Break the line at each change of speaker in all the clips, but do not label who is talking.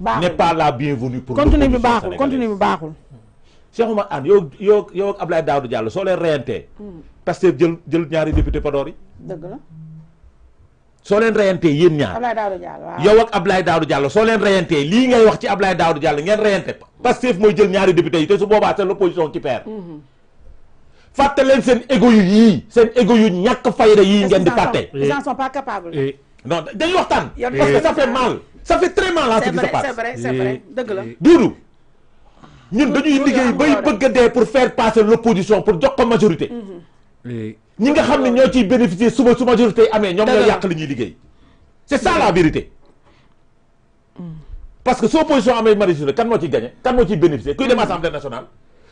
n'est pas
la bienvenue pour contenu bi baaxul contenu bi baaxul Cheikh Oumar Anne yow yow yow ak Abdoulaye Daouda Diallo soo leen reyantee hmm. Pastef jël jël ñaari député Podor yi dëgg la soo leen reyantee yéen ñaar
Abdoulaye
yow ak Abdoulaye daadu jàll soo leen reyantee lii ngay wax ci Abdoulaye Daouda Diallo ngeen reyante Pastef mooy jël ñaari député yi te su boobaa c'est l'opposition qui perd hmm. fàtte leen seen égo yu yii seen égo yu ñàkk fayda yii ngeen di fàtte ils en sont non dañuy waxtaan. parce que ça fait mal. ça fait très mal à ce qui se passe. c'est
vrai
ñun dañuy liggéey bay bëgg a dee pour faire passer l'opposition pour jox ko majorité.
Mhm.
ñi nga xam ne ñoo ciy bénéficier suba su majorité yi amee ñoom ñoo yàq li ñuy liggéey. c'est ça la vérité. parce que su opposition amee majorité kan moo ci gagné kan moo ciy bénéficier kuy dem mhm. assemblée nationale.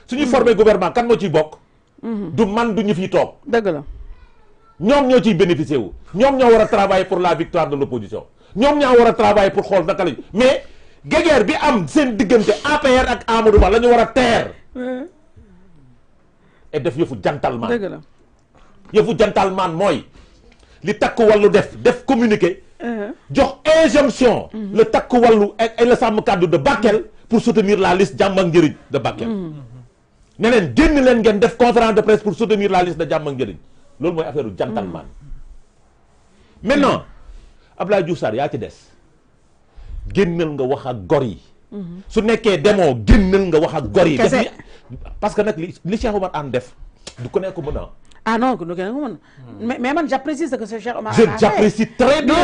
suñuy former gouvernement kan moo ciy bokk. Mhm. du man du ñu fi toog. dëgg la. ñoom ñoo ciy bénéficier wu ñoom ñoo war a travailler pour la victoire de l'opposition ñoom ñaa war a travailler pour xool naka lañ mais guéguerre bi am seen diggante APR ak Amadou Ba la ñu war a teer et def yëfu jantalmaan dëgg la yëfu jantalmaan mooy li takku wàllu def def communiqué uh-huh. jox injonction mm. le takku wàllu et le sàmm kàddu de Bakel mm. pour soutenir la liste jàmm ak njëriñ de Bakel mm. ne leen génn leen ngeen def conférence de presse pour soutenir la liste de jàmm ak njëriñ lool mooy affaire u gentleman maintenant Abdoulaye Diouf Sarr yaa ci des génnal nga wax ak gor yi su nekkee demoo génnal nga wax ak gor yi def parce que nag li li Cheikh Omar Anne def du ko nekk mën a
Ah non, mais, mais man j'apprécie ce que ce cher Omar a sa non,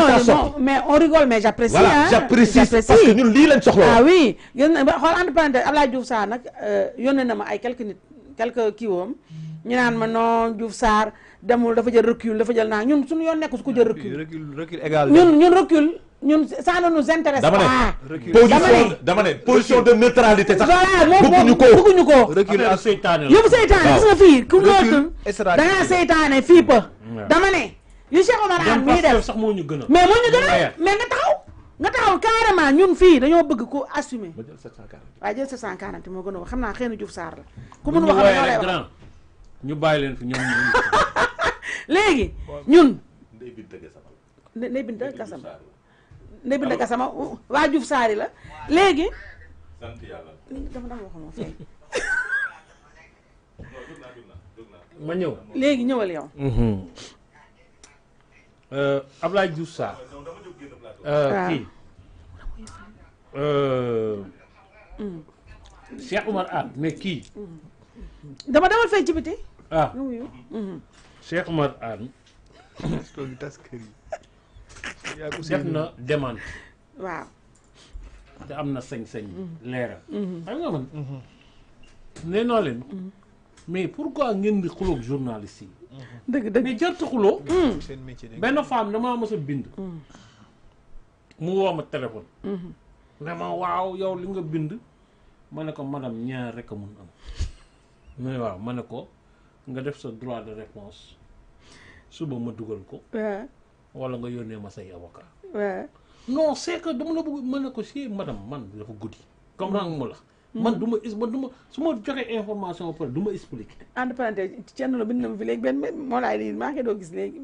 mais on rigole, mais j'apprécie. Voilà, hein, j'apprécie
parce que nous lisons
ce Ah oui, xool euh, ma ay quelques nit quelques naan ma non Diouf Sarr demul dafa jël dafa jël naa ñun suñu yoon nekk su ko jël recul
recul égal ñun
ñun recul dama ne
dama ne position de neutralité sax. bëgguñu ko bëgguñu ko. recul ak seytaane la yóbbu seytaane gis
nga fii dama ne yu Cheikh Omar Anne mii def sax
moo ñu gën a mais
moo ñu gën a mais nga taxaw nga taxaw carrément ñun fii dañoo bëgg ko assumer waaye jël 740 moo gën a wax xam naa xëy na Diouf Sarr la ku mun wax ñoo lay wax
ñu bàyyi leen fi ñoom
léegi ñun.
Ndeye
Binta Gassama.
Ndeye Binta Gassama Ndeye Binta Saari la léegi. sant ma ñëw léegi ñëwal yow.
Mhm. Euh, Ablaye Diouf Sarr. Euh, ah. kii. Euh, mm. Cheikh Oumar Anne mais kii.
Mm. dama demal fay ci biti.
Ah. Mm-hmm. Cheikh Oumar Anne.
def na demande. waaw.
te am na sañ-sañ. Mhm. leeral. Mhm. xam nga man. Mhm. nee naa leen. mais pourquoi ngeen di xuloog journaliste yi. dëgg dëgg mais xuloo. benn femme damaa mës a bind. mu woo ma téléphone. ne waaw yow li nga bind. ma ne ko madame ñaar rek a mun am. mais waaw ma ne ko. nga def sa droit de réponse suba ma dugal ko. wala nga yónnee ma sa say avocat. non c'est que dama la bëgg mën na ko si madame man dafa guddi. comprendre nga la. Mm. man mm. du ma is man ma su ma joxee information ba pare du ma expliquer. en tout cas Thierno bind na ma fi léegi benn moo laay lii maa ngi doo gis léegi.